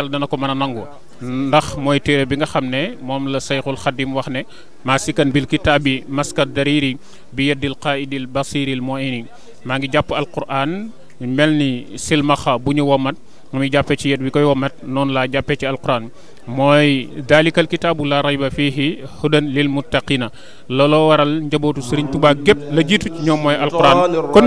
xel dana ko mën a ndax mooy téere bi nga xam ne moom la sayxul xadim wax ne maasikan bil kitaabi maska dariri bi yeddil qaidil basiril mooy maa ngi jàpp alquran mel ni silmaxa bu ñu womat mu muy jàppe ci yet bi koy womat noonu laa jàppee ci alquran mooy daalikal kitaabu la rayba fiihi hudan lil muttaqina looloo waral njabootu sëriñ tubaa gépp la jiitu ci ñoom mooy alquran kon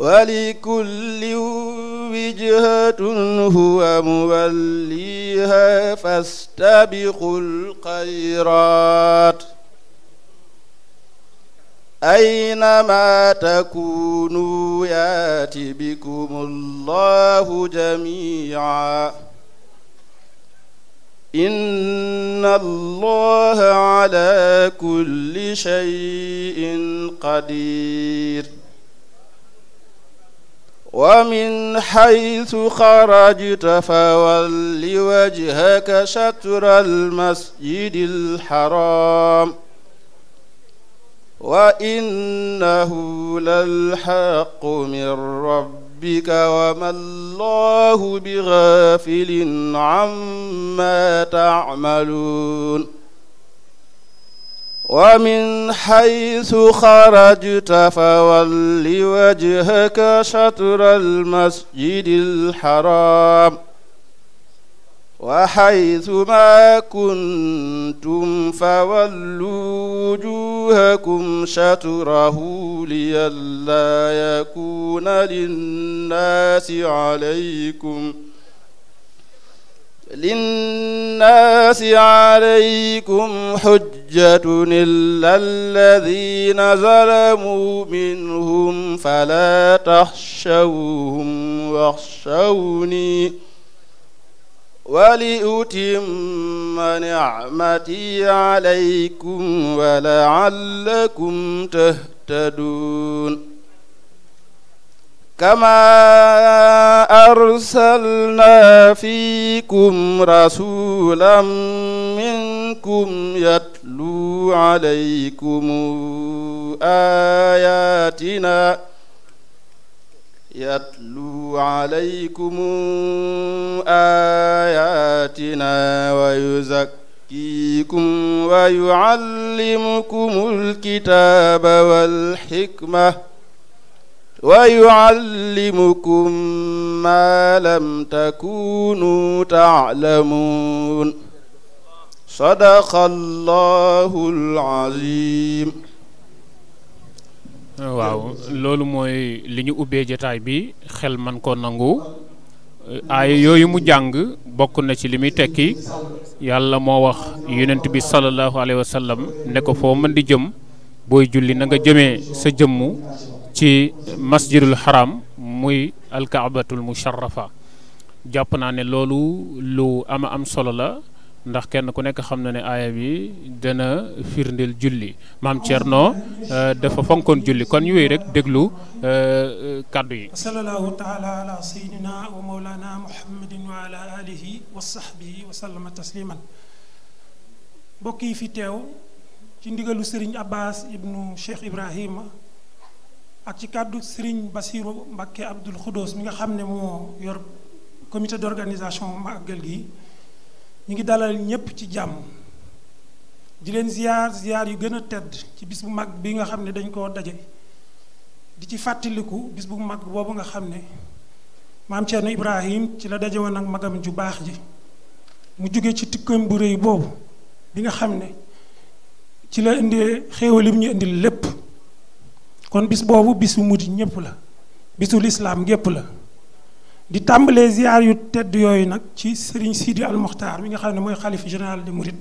ولكل وجهة هو موليها فاستبقوا الخيرات أينما تكونوا يات بكم الله جميعا إن الله على كل شيء قدير ومن حيث خرجت فول وجهك شطر المسجد الحرام وإنه للحق من ربك وما الله بغافل عما تعملون ومن حيث خرجت فول وجهك شطر المسجد الحرام وحيث ما كنتم فولوا وجوهكم شطره لئلا يكون للناس عليكم linnaasi alaykum xujjatun illa alladina zalamu minhum fala taxshawhum waxshawni waliutimma nicmati alaykum wa laallakum tahtaduun كما أرسلنا فيكم رسولا منكم يتلو عليكم آياتنا يتلو عليكم آياتنا ويزكيكم ويعلمكم الكتاب والحكمة ويعلمكم ما لم تكونوا تعلمون waaw loolu mooy li ñu ubbee jataay bi xel man ko nangu aaya yooyu mu jàng bokk na ci li muy tekki yàlla moo wax yonent bi sallallahu alayhi wa ne ko foo mën di jëm booy julli nanga nga jëmee sa jëmmu ci masjidul haram muy alkaabatul musharrafa jàpp naa ne loolu lu ama am solo la ndax kenn ku nekk xam na ne aaya bi dana firndeel julli maam Thierno euh, dafa fonkoon julli kon ñu wéy rek déglu euh, kàddu yi sallallahu yi fi teew ci ndigalu sëriñ abbas ibnu cheikh ibrahima ak ci kàddu Serigne Bassirou Mbacké Abdoul Khoudous mi nga xam ne moo yor comité d'organisation màggal gi ñu ngi dalal ñépp ci jàmm di leen ziyaar ziyaar yu gën a tedd ci bis bu mag bi nga xam ne dañ koo daje di ci fàttaliku bis bu mag boobu nga xam ne maam Thierno Ibrahim ci la daje woon ak magam ju baax ji mu jóge ci tikkam bu rëy boobu bi nga xam ne ci la indee li mu ñu indil lépp kon bis boobu bisu murit ñëpp la bisu lislaam gépp la di tàmbalee ziar yu tedd yooyu nag ci Serigne Sidi Al Mokhtar mi nga xam ne mooy xalif général de Mouride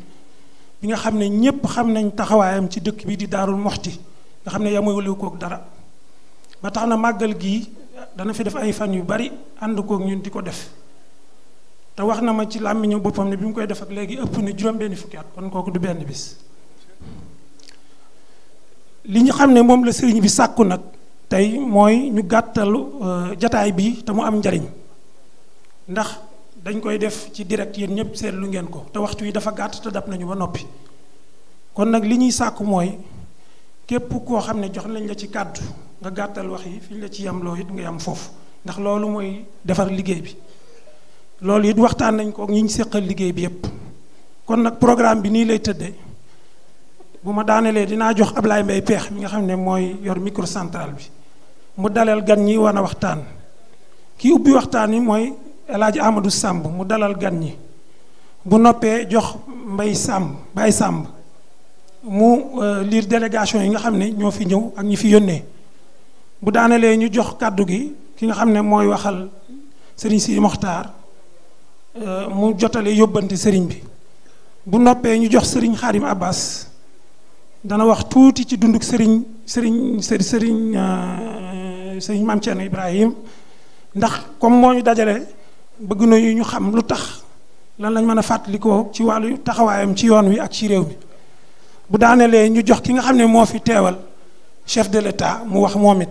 bi nga xam ne ñëpp xam nañ taxawaayam ci dëkk bi di daarul moxti nga xam ne yamulewu kook dara ba tax na màggal gii dana fi def ay fan yu bari ànd koog ñun di ko def te wax na ma ci làmmiñu boppam ne bi mu koy def ak léegi ëpp na juróom benn fukki at kon kooku du benn bis li ñu xam ne moom la sëriñ bi sàkku nag tey mooy ñu gàttalu euh, jataay bi te mu am njariñ ndax dañ koy def ci direct yéen ñëpp seetlu ngeen ko te waxtu wi dafa gàtt te dab nañu ba noppi kon nag li ñuy sàkku mooy képp koo xam ne jox nañ la ci kàddu nga gàttal wax yi fi ñu la ci yam loo it ngay am foofu ndax loolu mooy defar liggéey bi loolu it waxtaan nañ ko ñi ñu liggéey bi yépp kon nag programme bi nii lay tëddee bu ma daaneelee dinaa jox Ablaye mbay Peex mi nga xam ne mooy yor microcentral bi mu dalal gan ñi war waxtaan kii ubbi waxtaan wi mooy El Hadj Amadou Samb mu dalal gan ñi bu noppee jox Mbay sàmb baay sàmb mu euh, liir délégation yi nga xam ne ñoo fi ñëw ak ñi fi yónnee bu daanelee ñu jox kàddu gi ki nga xam ne mooy waxal sëriñ si Moxtaar euh, mu jotale yóbbante sëriñ bi bu noppee ñu jox sëriñ Xaarim Abbas dana wax tuuti ci dunduk sëriñ sëriñ sëriñ sëriñ euh, maam Thierno Ibrahim ndax comme moo ñu dajale bëgg na ñu xam lu tax lan lañ mën a fàttalikoo ci wàllu taxawaayam ci yoon wi ak ci réew mi bu daaneelee ñu jox ki nga xam ne moo fi teewal chef de l'État mu wax moom it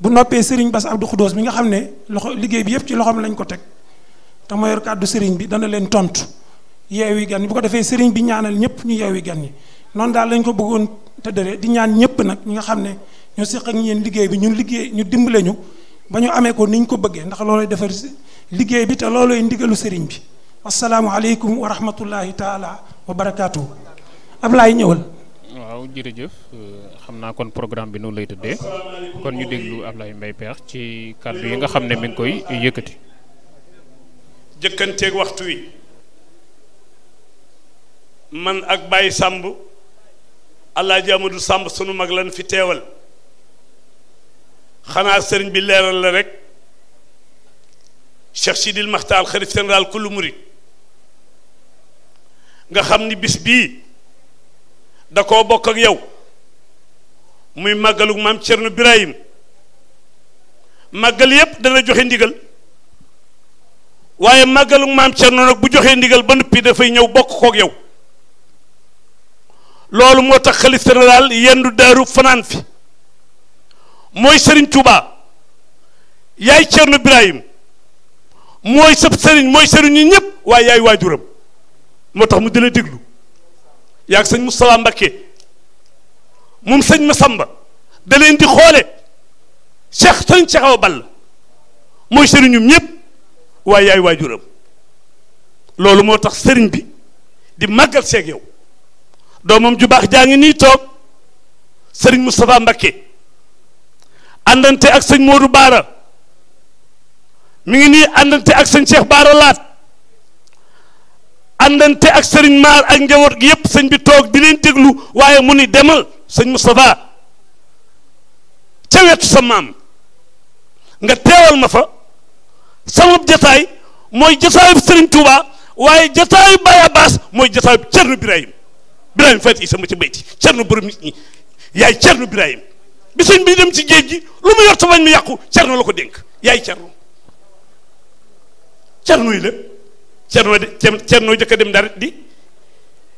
bu noppee sëriñ Bass Abdou Khoudoss mi nga xam ne loxo liggéey bi yëpp ci loxoom lañ ko teg te moo kàddu sëriñ bi dana leen tontu yi gan yi bu ko defee sëriñ bi ñaanal ñëpp ñu yeewi gan yi noonu daal lañ ko bëggoon tëddale di ñaan ñëpp nag ñi nga xam ne ñoo seq ak ñeen liggéey bi ñun liggéey ñu dimbale ñu ba ñu amee ko ni ñu ko bëggee ndax loolooy defar liggéey bi te loolooy ndigalu sëriñ bi asalaamu aleykum wa rahmatullahi taala wa barakaatu. Ablaye ñëwal. waaw jërëjëf euh, xam naa kon programme bi noonu lay tëddee kon ñu déglu Ablaye mbay Pekh ci kàddu yi nga xam ne mi ngi koy yëkkati. jëkkanteeg waxtu wi man ak Baye Samb. Alaaji du Samb sunu mag lan fi teewal xanaa sëriñ bi leeral la rek Cheikh Sidil Maxtaar xalif général kullu murid nga xam ni bis bii da koo bokk ak yow muy màggalu maam Cerno Birahim màggal yépp dana joxe ndigal waaye màggalu maam Cerno nag bu joxe ndigal ba noppi dafay ñëw bokk kook yow loolu moo tax xalif général yendu daaru fanaan fi mooy sëriñ Touba yaay Cerno Birahim mooy sëb sëriñ mooy sëriñ ñi ñëpp waaye yaay waajuram moo tax mu di déglu yaa ngi sëñ Moustapha Mbakke moom sëñ Massamba da leen di xoole Cheikh sëñ Cheikh Awa mooy sëriñum ñëpp waaye yaay waajuram loolu moo tax sëriñ bi di màggal seeg yow doomam ju baax jaa ngi nii toog sëriñ Moustapha Mbakke àndante ak sëñ mooru Baara mu ngi nii àndante ak sëñ Cheikh Baara Laat àndante ak sëriñ Maar ak njaboot gi yëpp sëñ bi toog di leen déglu waaye mu ni demal sëñ Moustapha ca wetu sa maam nga teewal ma fa sama jataay mooy jataayu sëriñ Touba waaye jataayu Baye Abbas mooy jataayu Thierno Birahim Birahim i sama ca bayti cernu borom nit ñi yaay cernu Birahim bi sëñ bi dem ci géej gi lu mu yor sa bañ mu yàqu cernu la ko dénk yaay cernu cernu yi la cernu de cernu jëkk a dem ndar di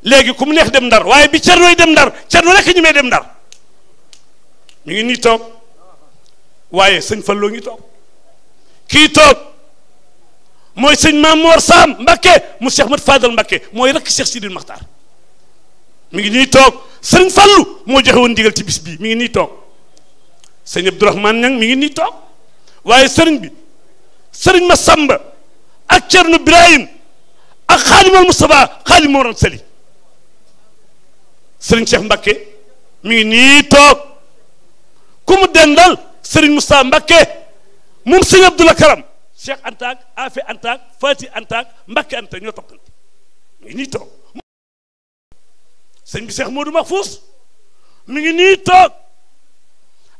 léegi ku mu neex dem ndar waaye bi cernu yi dem ndar cernu rekk ñu may dem ndar mu ngi nii toog waaye sëñ Fallou ngi toog kii toog mooy sëñ Maam Mor Saam Mbakke mu Cheikh Mat Fadal Mbakke mooy rekk Cheikh Sidil Makhtar mi ngi nii toog sëriñ Fallu moo joxe woon ndigal ci bis bii mi ngi nii toog sëriñ Abdourahmane Ñang mi ngi nii toog waaye sëriñ bi sëriñ Masamba ak Cerno Birahim ak xaalimal Moustapha xaalim moo doon sëli sëriñ Cheikh Mbakke mu ngi nii toog ku dendal sëriñ Moustapha Mbakke moom sëriñ Abdoulaye Karam Cheikh Anta ak Afe Anta ak Fati Anta ak Mbakke Anta ñoo toppante sëñ bi Cheikh Modou Mahfous mu ngi nii toog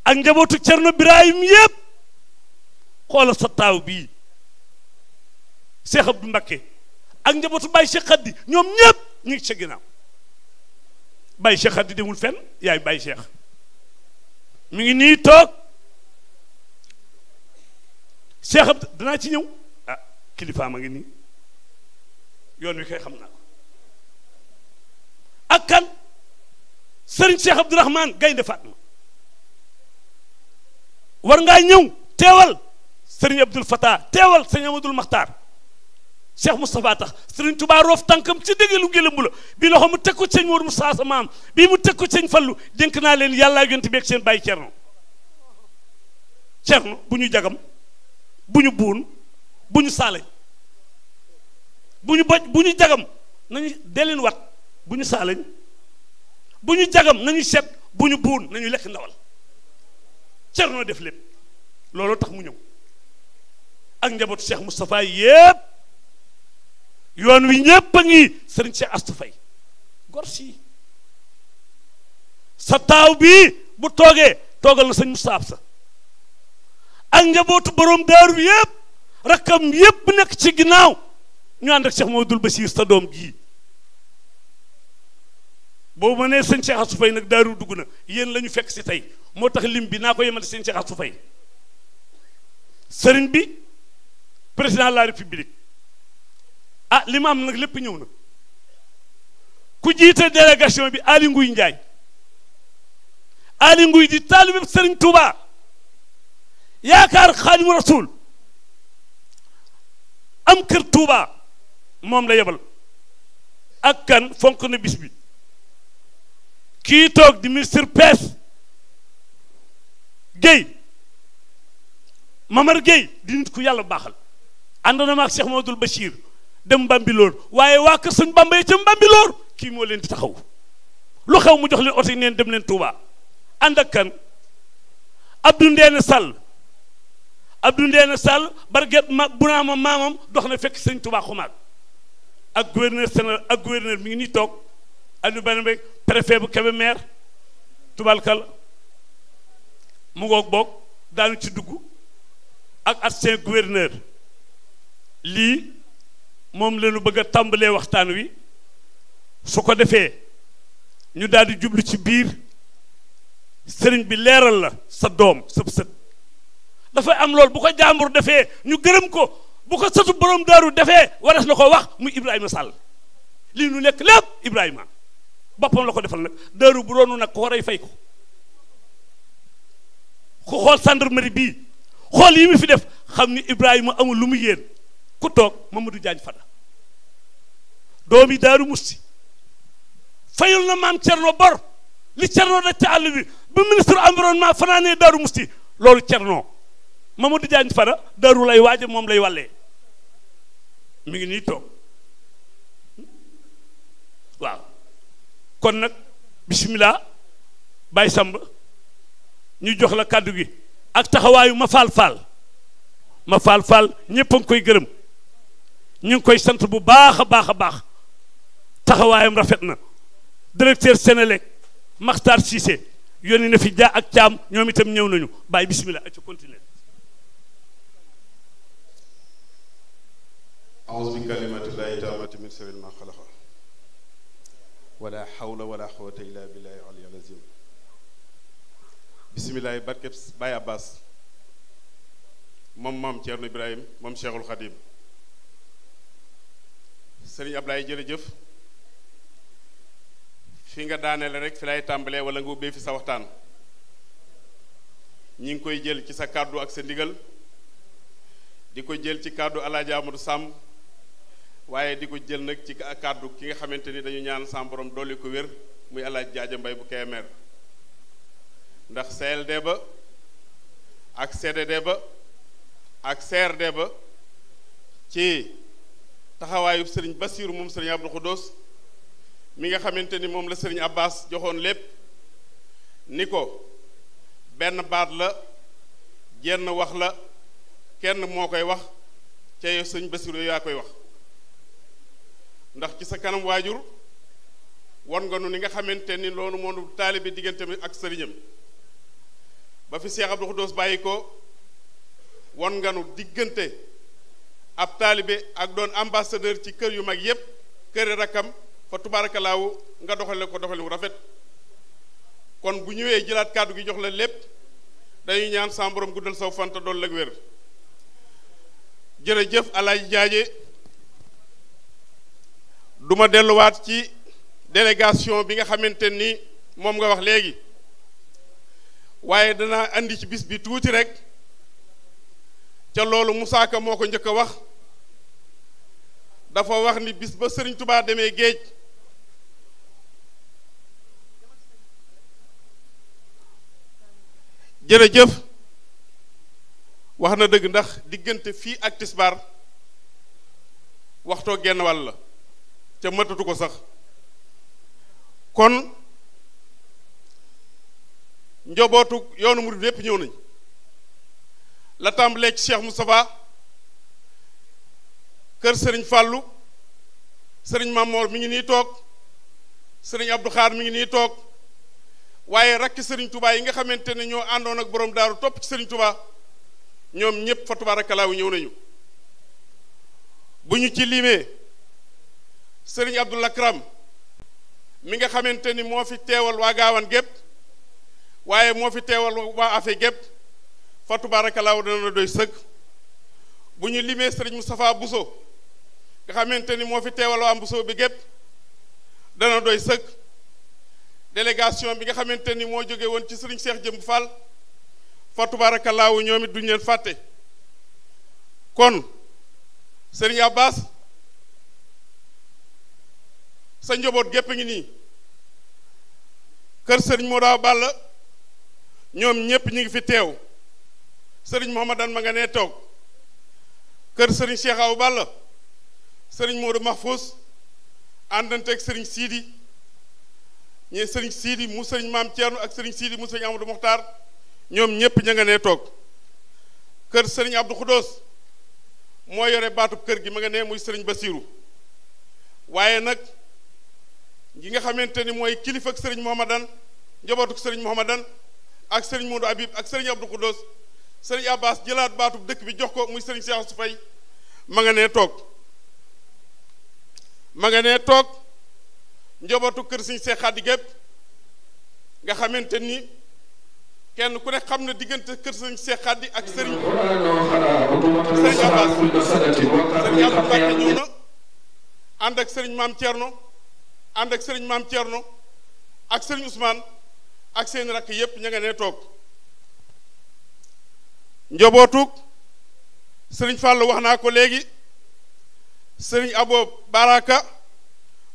ak njabootu Cerno Birahim yëpp xoolal sa taaw bii Cheikh Abdou Mbacké ak njabootu Baye Cheikh Khady ñoom ñëpp ñu ngi ci ginnaaw Baye Cheikh Khady demul fenn yaay Baye Cheikh mi ngi nii toog Cheikh Abdou danaa ci ñëw ah kilifaam a ngi nii yoon wi kay xam naa ak kan sëriñ Cheikh Abdourahmane Gaynde Fatma war ngaa ñëw teewal sëriñ Abdoul Fatah teewal sëriñ Amadou Makhtar Cheikh Moustapha tax sëriñ Touba roof tànkam si dégg lu gëlëm la bi loxo mu teg ko sëñ Mourou saa sa maam bii mu teg ko sëñ Fallu dénk naa leen yàllaay yonent bi ak seen bàyyi Cerno Cerno bu ñu jagam bu ñu buun bu ñu saale bu ñu boj bu ñu jagam nañu dee wat bu ñu saalañ bu ñu jagam nañu set bu ñu buun nañu lekk ndawal Cerno def lépp looloo tax mu ñëw ak njabootu Cheikh Moustapha yépp yoon wi ñépp a ngi sëriñ Cheikh Astou Faye gor si sa taaw bi bu toogee toogal na sëñ Moustapha sa ak njabootu borom daaru yépp rakkam yépp nekk ci ginnaaw ñu ànd ak Cheikh Mamadou Bassir sa doom gii boobu ma nee sëñ Cheikh Assou Faye nag daaru dugg na yéen la ñu fekk si tey moo tax lim bi na ko yemal sëñ a Assou fay sëriñ bi président de la république ah li ma am nag lépp ñëw na ku jiite délégation bi Aly Ngouille Ndiaye Aly Ngouille di taalibe sëriñ Touba yaakaar Xaadimu Rasuul am kër Touba moom la yebal ak kan fonk na bis bi kii toog di ministre Pes Guèye Mamar Guèye di nit ku yàlla baaxal ànd na ma ak Cheikh Modou Bachir dem Bambilor waaye waa kër sëñ Bamba yi ca Bambilor kii moo leen di taxaw lu xew mu jox leen oto yi neen dem leen Touba ànd ak kan Abdou Ndeene Sall Abdou sàll Sall get ma bu naa bunaama maamam dox na fekk sañ Touba xumaag ak gouverneur sénéral ak gouverneur mi ngi nii toog Aliou Bane Mbengue préfet bu Kébémer tubalkal mu ngoog boog daanu ci dugg ak ancien gouverneur lii moom lañu bëgg a tàmbalee waxtaan wi su ko defee ñu daal jublu ci biir sëriñ bi leeral la sa doom sëb sët dafay am lool bu ko jàmbur defee ñu gërëm ko bu ko sëtu borom daaru defee waras na ko wax mu Ibrahima Sall lii nu nekk lépp Ibrahima boppam la ko defal nag dëru bu doonu nag ko war ay fay ko ku xool gendarmerie bii xool yi mu fi def xam ni Ibrahima amul lu mu yéen ku toog Mamadou Diagne Fada doomi daaru musti fayul na maam Cerno bor li Cerno daj ci àll bi ba ministre environnement fanaanee daaru musti loolu Cerno Mamadou Diagne Fada daaru lay waaje moom lay wàllee mu ngi nii toog kon nag bisimilah Baye Samb ñu jox la kàddu gi ak taxawaayu ma faal faal ma faal faal ñëpp a koy gërëm ñu ngi koy sant bu baax a baax a baax taxawaayam rafet na directeur Sénélec Makhtar Cissé yónni na fi jaa ak caam ñoom itam ñëw nañu bàyyi bisimilah acca continuer أعوذ بكلمات الله تامة من سر ما خلق wala xawla wala xawata illa billahi ali alazim bisimilahi barkeb Baye Abbas moom maam Thierno Ibrahim moom Cheikhul Khadim sëriñ Ablaye jërëjëf fi nga daanele rek fi lay tàmbalee wala nga ubbee fi sa waxtaan ñi ngi koy jël ci sa kàddu ak sa ndigal di ko jël ci kàddu alaaji Amadou Samb waaye di ko jël nag ci kàddu ki nga xamante ni dañu ñaan sam borom dolli ko wér muy alaaj jaaja mbay bu keemeer ndax CLD ba ak CDD ba ak CRD ba ci taxawaayu sëriñ Basiiru moom sëriñ Abdou dos mi nga xamante ni moom la sëriñ Abbas joxoon lépp ni ko benn baat la jenn wax la kenn moo koy wax ca yow sëriñ Basiiru yaa koy wax ndax ci sa kanam waajur wan nga nu ni nga xamante ni loolu moonu taalibe diggante mi ak sëriñam ba fi Seex Abdu Xudoos bàyyi ko wan nga nu diggante ab taalibe ak doon ambassadeur ci kër yu mag yépp këri rakkam fa tubaarakalaawu nga doxale ko doxale wu rafet kon bu ñëwee jëlaat kàddu gi jox la lépp dañuy ñaan sa borom guddal saw fanta doon lag wér jërëjëf Alaaji Jaaje du ma delluwaat ci délégation bi nga xamante ni moom nga wax léegi waaye danaa indi ci bis bi tuuti rek ca loolu Moussa Ka moo ko njëkk a wax dafa wax ni bis ba Sëriñ Tubaa demee géej jërëjëf wax na dëgg ndax diggante fii ak tisbaar waxtoo genn wàll la ca matatu ko sax kon njobootu yoonu murid yépp ñëw nañ la tàmbalee ci mu Moustapha kër sëriñ Fàllu sëriñ Mamoor mi ngi nii toog sëriñ Abdou Xaar mi ngi nii toog waaye rakki sëriñ Touba yi nga xamante ne ñoo àndoon ak borom daaru topp ci sëriñ Touba ñoom ñépp fa tubaarakalaaw ñëw nañu bu ñu ci limee sëriñ Abdou Lakram mi nga xamante ni moo fi teewal waa Gaawan gépp waaye moo fi teewal waa afe gépp fa tubaarakalaaw dana doy sëkk bu ñu limee sëriñ Moustapha Bousso nga xamante ni moo fi teewal waa Bousso bi gépp dana doy sëkk délégation bi nga xamante ni moo jóge woon ci sëriñ Cheikh Jëmb Fall fa tubaarakalaaw ñoom it leen fàtte kon sëriñ Abbas sa njaboot gépp ngi nii kër sëriñ Modou Awa Balla ñoom ñépp ñu ngi fi teew sëriñ Mouhamadan ma nga ne toog kër sëriñ Cheikh Awa Balla sëriñ Modou Mahfous àndanteeg sëriñ Sidi ñe sëriñ Sidi mu sëriñ Maam Thierno ak sëriñ Sidi mu sëriñ Amadou Mokhtar ñoom ñépp ña nga nee toog kër sëriñ Abdou Khoudous moo yore baatub kër gi ma nga nee muy sëriñ Basirou waaye nag gi nga xamante ni mooy kilifa sëriñ Mouhamadan njabootuk sëriñ Mouhamadan ak sëriñ Modou Habib ak sëriñ Abdou Khoudos sëriñ Abbas jëlaat baatu dëkk bi jox ko muy sëriñ Cheikh Ousou nga nee toog ma nga nee toog njabootu kër sëriñ Cheikh Khady nga xamante ni kenn ku ne xam na diggante kër sëriñ Cheikh ak sëriñ sëriñ Abbas sëriñ Abdou ànd ak sëriñ Maam Thierno ànd ak sëriñ maam Thierno ak sëriñ Ousmane ak seen rakk yépp ña nga ne toog njobootug sëriñ Fàllu wax naa ko léegi sëriñ Abo Baraka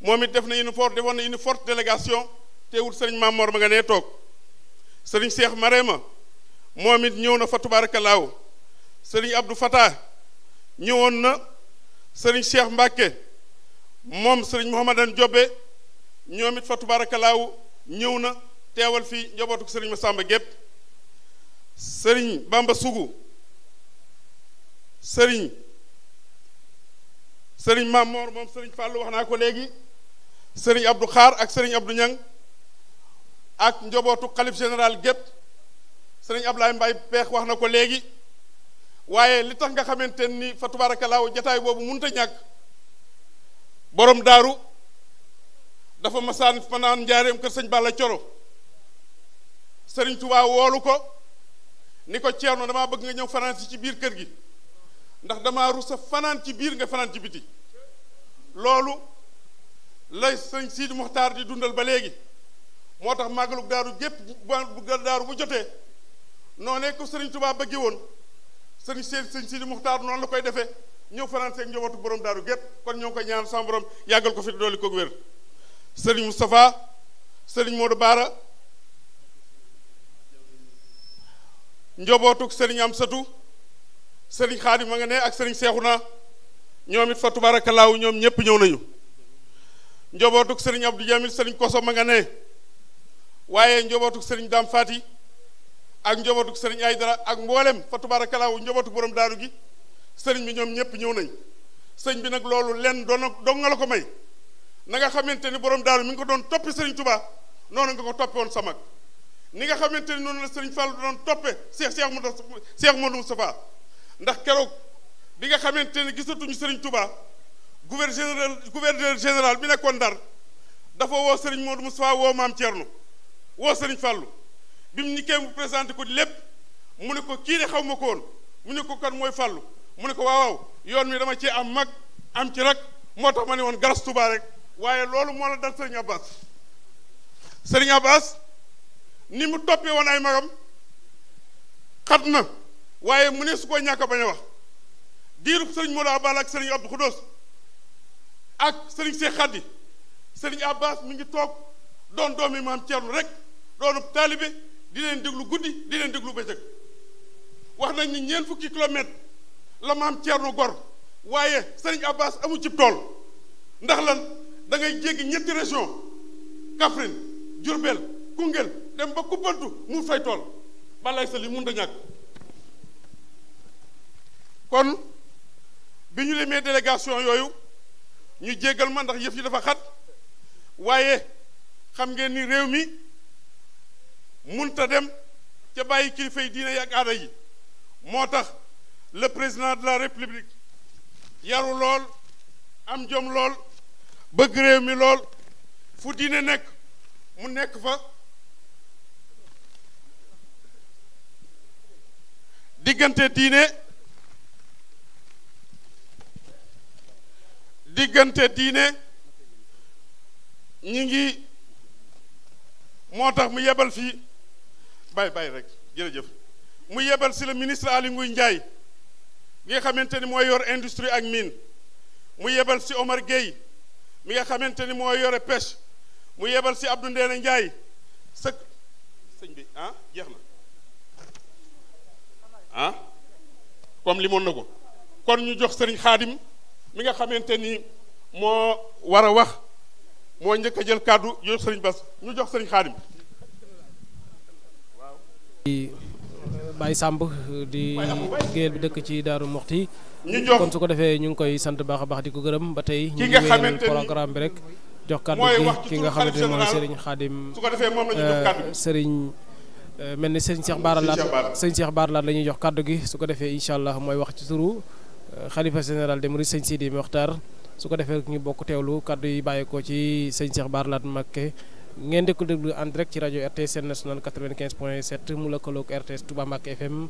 moom it def na une forte defoon na une forte délégation sëriñ Maam Mor ma nga ne toog sëriñ Cheikh Marema moom it ñëw na fa tubaarakalaaw sëriñ Abdou Fatah ñëwoon na sëriñ Cheikh mbake moom sëriñ Mouhamadan Diobé ñoomit it fa tubaarakalaaw ñëw na teewal fii njabootu sëriñ Masamba gépp sëriñ Bamba Sugu sëriñ sëriñ Maam moom sëriñ Fàllu wax naa ko léegi sëriñ Abdou Xaar ak sëriñ Abdou Ñang ak njabootu xalif général gépp sëriñ Ablaye Mbay Peex wax na ko léegi waaye li tax nga xamante ni fa tubaarakalaaw jataay boobu mënut a ñàkk borom daaru dafa masaan fanaan njaareem kër sëñ Balla Coro sëriñ tubaa woolu ko ni ko Ceerno damaa bëgg nga ñëw fanaan si ci biir kër gi ndax dama damaa rusa fanaan ci biir nga fanaan ci biti loolu la sëñ Sidi Muxtaar di dundal ba léegi moo tax màggalug daaru gépp bu daaru bu jotee noonee ko sëriñ Tuubaa bëggee woon sëriñ Sidi sëñ Sidi Muxtaar noonu la koy defee ñëw fanaan seeg njabootu borom daaru gépp kon ñëw ngi koy ñaan sama borom yàggal ko fi dooli ko wér Serigne Moustapha Serigne Modou Baara njobootuk Serigne Amsatu Serigne Xaadim ma nga ne ak sëriñ Seexuna naa it fa tubaarakalaaw ñoom ñépp ñëw nañu njobootuk sëriñ Abdou Jamil Serigne Koso ma nga ne waaye njobootuk Serigne Dame Fati ak njobootuk ay Aydara ak mboolem fa tubaarakalaaw njobootuk borom daaru gi sëriñ bi ñoom ñépp ñëw nañ sëñ bi nag loolu lenn doon na dong nga la ko may na nga xamante ni borom daaru mu ngi ko doon toppi Serigne Touba noonu nga ko toppe woon sa mag ni nga xamante ni noonu la Serigne Fall doon toppe Cheikh Cheikh Modou Cheikh Modou Moustapha ndax keroog bi nga xamante ni gisatuñu Serigne Touba gouverneur général général bi nekkoon Ndar dafa woo Serigne Modou Moustapha woo Maam Thierno woo Serigne Fallou bi mu ñikkee présenté ko lépp mu ne ko kii de xaw ma ko mu ne ko kan mooy Fallou mu ne ko waaw yoon mi dama ci am mag am ci rek moo tax ma ne woon garas tubaa rek. waaye loolu moo la dal sëriñ Abbas sëriñ Abbas ni mu toppee woon ay magam xat na waaye mu ne su ko ñàkk bañ a wax diirub sëriñ Modou Abal ak sëriñ Abdou Khoudous ak sëriñ Cheikh Khadi sëriñ Abbas mu ngi toog doon doomi maam Thierno rek doonu taalibe di leen déglu guddi di leen déglu bëccëg wax nañ ni ñeent fukki kilomètre la maam Thierno gor waaye sëriñ Abbas amu cib tool ndax lan da ngay jéggi ñetti région Kaffrine jurbel Koungheul dem ba Koupantou mu fay tool balay sa li mun a ñàkk kon bi ñu limee délégation yooyu ñu jéggal ma ndax yëf yi dafa xat waaye xam ngeen ni réew mi munta dem ca bàyyi kilifa yi diine yi ak aada yi moo tax le président de la république yaru lool am jom lool bëgg réew mi lool fu diine nekk mu nekk fa diggante diine diggante diine ñi ngi moo tax mu yebal fii bàyyi bàyyi rek jërëjëf mu yebal si le ministre Aly Ngouille Ndiaye nga xamante ni mooy yor industrie ak miin mu yebal si Omar Gueye mi nga xamante ni moo yore pêche mu yebal si Abdou Ndéné Ndiaye sëkk sëñ bi ah, jeex na ah comme li na ko kon ñu jox sëriñ xaadim mi nga xamante ni moo war a wax moo njëkk jël kàddu jox sëriñ bas ñu jox sëriñ xaadim Baye Samb di géwél bi dëkk ci Daaru Muxti kon su ko defee ñu ngi koy sant baax a baax di ko gërëm ba tey ñu ngi wéyal programme bi rek jox kàddu gi ki nga xamante ne mooy Serigne Khadim euh, Serigne euh, mel ni Serigne Cheikh Bara Laat Serigne Cheikh Bara Laat la ñuy jox kàddu gi su ko defee incha allah mooy wax ci suru euh, xalifa général des Mourides Serigne Sidi Mokhtar su ko defee ñu bokk teewlu kàddu yi bàyyeekoo ci Serigne Cheikh Bara Laat ngeen di ko déglu en direct ci rajo RTS nationale 95 point 7 mu lëkkaloog RTS Touba Mbacke FM